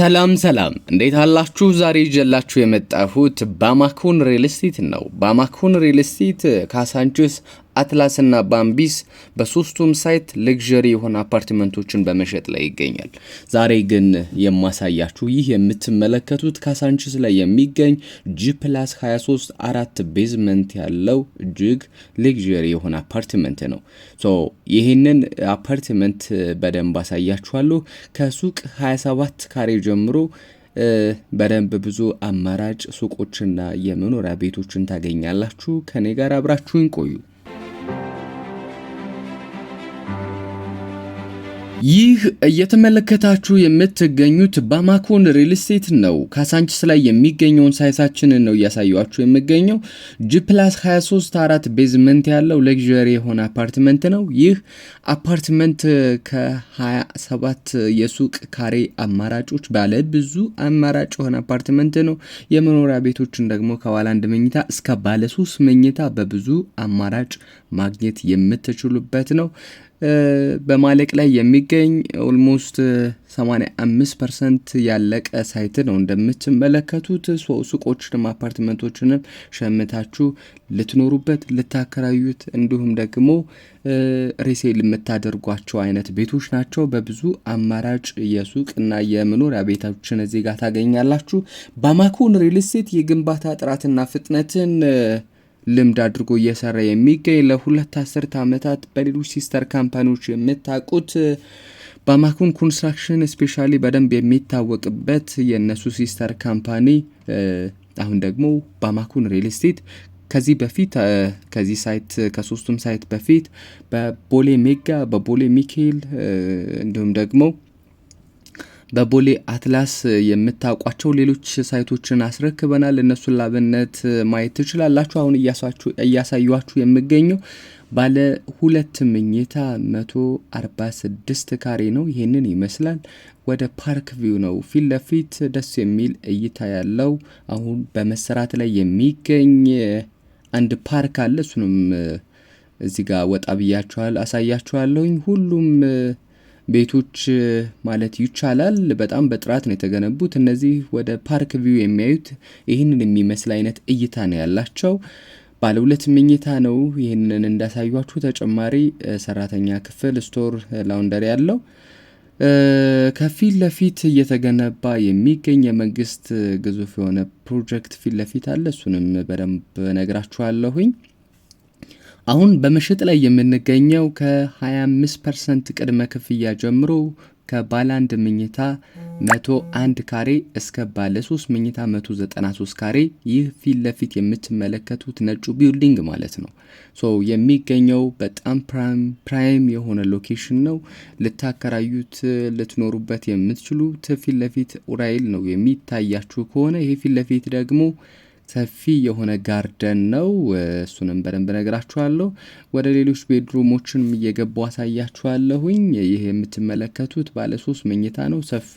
ሰላም ሰላም እንዴት አላችሁ? ዛሬ ይዤላችሁ የመጣሁት ባማኩን ሪል ስቴት ነው። ባማኩን ሪል ስቴት ካሳንቺስ አትላስና ባምቢስ በሶስቱም ሳይት ለግዠሪ የሆነ አፓርትመንቶችን በመሸጥ ላይ ይገኛል። ዛሬ ግን የማሳያችሁ ይህ የምትመለከቱት ከሳንችስ ላይ የሚገኝ ጂ ፕላስ 23 አራት ቤዝመንት ያለው እጅግ ለግዠሪ የሆነ አፓርትመንት ነው። ሶ ይህንን አፓርትመንት በደንብ አሳያችኋለሁ። ከሱቅ 27 ካሬ ጀምሮ በደንብ ብዙ አማራጭ ሱቆችና የመኖሪያ ቤቶችን ታገኛላችሁ። ከኔ ጋር አብራችሁን ቆዩ። ይህ እየተመለከታችሁ የምትገኙት ባማኮን ሪል ስቴት ነው። ካሳንቺስ ላይ የሚገኘውን ሳይታችንን ነው እያሳዩችሁ የሚገኘው ጂፕላስ 23 አራት ቤዝመንት ያለው ለግሪ የሆነ አፓርትመንት ነው። ይህ አፓርትመንት ከ27 የሱቅ ካሬ አማራጮች ባለ ብዙ አማራጭ የሆነ አፓርትመንት ነው። የመኖሪያ ቤቶችን ደግሞ ከባለ አንድ መኝታ እስከ ባለ ሶስት መኝታ በብዙ አማራጭ ማግኘት የምትችሉበት ነው። በማለቅ ላይ የሚገኝ ኦልሞስት 85 ፐርሰንት ያለቀ ሳይት ነው እንደምትመለከቱት። ሱቆችንም አፓርትመንቶችንም ሸምታችሁ ልትኖሩበት ልታከራዩት፣ እንዲሁም ደግሞ ሪሴል የምታደርጓቸው አይነት ቤቶች ናቸው። በብዙ አማራጭ የሱቅ እና የመኖሪያ ቤቶችን እዚህ ጋር ታገኛላችሁ። ባማኮን ሪል ስቴት የግንባታ ጥራትና ፍጥነትን ልምድ አድርጎ እየሰራ የሚገኝ ለሁለት አስርት ዓመታት በሌሎች ሲስተር ካምፓኒዎች የምታውቁት በማኩን ኮንስትራክሽን ስፔሻሊ በደንብ የሚታወቅበት የእነሱ ሲስተር ካምፓኒ አሁን ደግሞ በማኩን ሪል ስቴት ከዚህ በፊት ከዚህ ሳይት ከሶስቱም ሳይት በፊት በቦሌ ሜጋ፣ በቦሌ ሚካኤል እንዲሁም ደግሞ በቦሌ አትላስ የምታውቋቸው ሌሎች ሳይቶችን አስረክበናል። እነሱን ላብነት ማየት ትችላላችሁ። አሁን እያሳዩችሁ የሚገኘው ባለ ሁለት መኝታ 146 ካሬ ነው። ይህንን ይመስላል። ወደ ፓርክ ቪው ነው ፊት ለፊት ደስ የሚል እይታ ያለው አሁን በመሰራት ላይ የሚገኝ አንድ ፓርክ አለ። እሱንም እዚህ ጋር ወጣ ብያችኋል አሳያችኋለሁኝ ሁሉም ቤቶች ማለት ይቻላል በጣም በጥራት ነው የተገነቡት። እነዚህ ወደ ፓርክ ቪው የሚያዩት ይህንን የሚመስል አይነት እይታ ነው ያላቸው። ባለ ሁለት መኝታ ነው። ይህንን እንዳሳያችሁ ተጨማሪ ሰራተኛ ክፍል፣ ስቶር፣ ላውንደሪ ያለው ከፊት ለፊት እየተገነባ የሚገኝ የመንግስት ግዙፍ የሆነ ፕሮጀክት ፊት ለፊት አለ። እሱንም በደንብ ነግራችኋለሁኝ። አሁን በመሸጥ ላይ የምንገኘው ከ25 ፐርሰንት ቅድመ ክፍያ ጀምሮ ከባለ አንድ መኝታ 101 ካሬ እስከ ባለ 3 መኝታ 193 ካሬ ይህ ፊት ለፊት የምትመለከቱት ነጩ ቢልዲንግ ማለት ነው። ሶ የሚገኘው በጣም ፕራይም የሆነ ሎኬሽን ነው። ልታከራዩት ልትኖሩበት የምትችሉት ፊት ለፊት ዑራኤል ነው የሚታያችሁ ከሆነ ይህ ፊት ለፊት ደግሞ ሰፊ የሆነ ጋርደን ነው። እሱንም በደንብ ነግራችኋለሁ። ወደ ሌሎች ቤድሩሞችን እየገባው አሳያችኋለሁኝ። ይህ የምትመለከቱት ባለ ሶስት መኝታ ነው። ሰፊ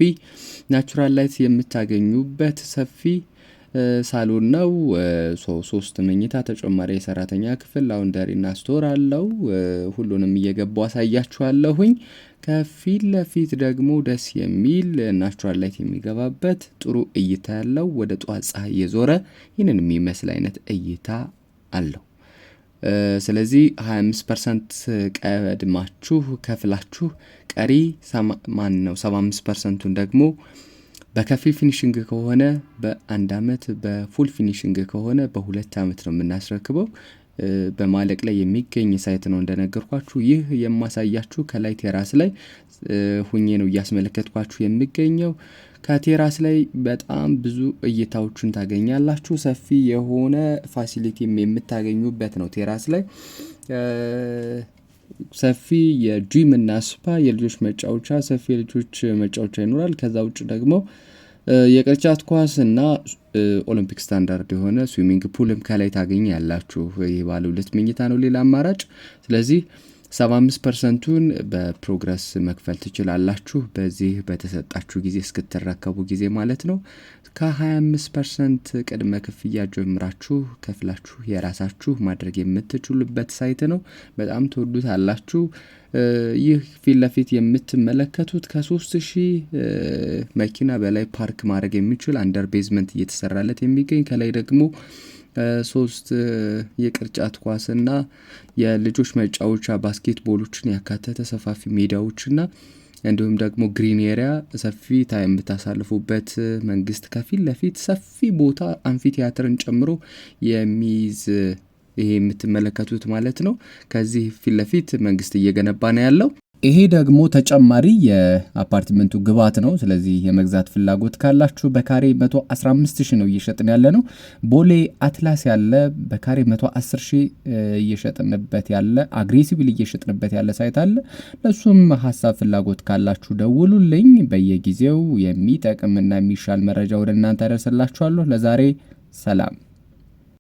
ናቹራል ላይት የምታገኙበት ሰፊ ሳሎን ነው። ሶስት መኝታ ተጨማሪ የሰራተኛ ክፍል ላውንደሪ እና ስቶር አለው። ሁሉንም እየገባው አሳያችኋለሁኝ። ከፊት ለፊት ደግሞ ደስ የሚል ናቹራል ላይት የሚገባበት ጥሩ እይታ ያለው ወደ ጠዋት ፀሐይ እየዞረ ይህንን የሚመስል አይነት እይታ አለው። ስለዚህ 25 ፐርሰንት ቀድማችሁ ከፍላችሁ ቀሪ ማን ነው 75 ፐርሰንቱን ደግሞ በከፊል ፊኒሽንግ ከሆነ በአንድ ዓመት በፉል ፊኒሽንግ ከሆነ በሁለት ዓመት ነው የምናስረክበው። በማለቅ ላይ የሚገኝ ሳይት ነው እንደነገርኳችሁ። ይህ የማሳያችሁ ከላይ ቴራስ ላይ ሁኜ ነው እያስመለከትኳችሁ የሚገኘው። ከቴራስ ላይ በጣም ብዙ እይታዎችን ታገኛላችሁ። ሰፊ የሆነ ፋሲሊቲም የምታገኙበት ነው ቴራስ ላይ ሰፊ የጂም እና ስፓ የልጆች መጫወቻ ሰፊ የልጆች መጫወቻ ይኖራል። ከዛ ውጭ ደግሞ የቅርጫት ኳስ እና ኦሎምፒክ ስታንዳርድ የሆነ ስዊሚንግ ፑልም ከላይ ታገኝ ያላችሁ ይህ ባለ ሁለት መኝታ ነው ሌላ አማራጭ ስለዚህ 75 ፐርሰንቱን በፕሮግረስ መክፈል ትችላላችሁ። በዚህ በተሰጣችሁ ጊዜ እስክትረከቡ ጊዜ ማለት ነው። ከ25 ፐርሰንት ቅድመ ክፍያ ጀምራችሁ ከፍላችሁ የራሳችሁ ማድረግ የምትችሉበት ሳይት ነው። በጣም ትወዱት አላችሁ። ይህ ፊት ለፊት የምትመለከቱት ከሶስት ሺህ መኪና በላይ ፓርክ ማድረግ የሚችል አንደር ቤዝመንት እየተሰራለት የሚገኝ ከላይ ደግሞ ሶስት የቅርጫት ኳስና የልጆች መጫወቻ ባስኬትቦሎችን ያካተተ ሰፋፊ ሜዳዎችና እንዲሁም ደግሞ ግሪን ኤሪያ ሰፊ ታይም የምታሳልፉበት መንግስት ከፊት ለፊት ሰፊ ቦታ አንፊቲያትርን ጨምሮ የሚይዝ ይሄ የምትመለከቱት ማለት ነው። ከዚህ ፊት ለፊት መንግስት እየገነባ ነው ያለው። ይሄ ደግሞ ተጨማሪ የአፓርትመንቱ ግብዓት ነው። ስለዚህ የመግዛት ፍላጎት ካላችሁ በካሬ 115 ሺ ነው እየሸጥን ያለ ነው። ቦሌ አትላስ ያለ በካሬ 110 ሺ እየሸጥንበት ያለ አግሬሲቭሊ እየሸጥንበት ያለ ሳይት አለ። ለሱም ሀሳብ ፍላጎት ካላችሁ ደውሉልኝ። በየጊዜው የሚጠቅምና የሚሻል መረጃ ወደ እናንተ አደርሰላችኋለሁ። ለዛሬ ሰላም።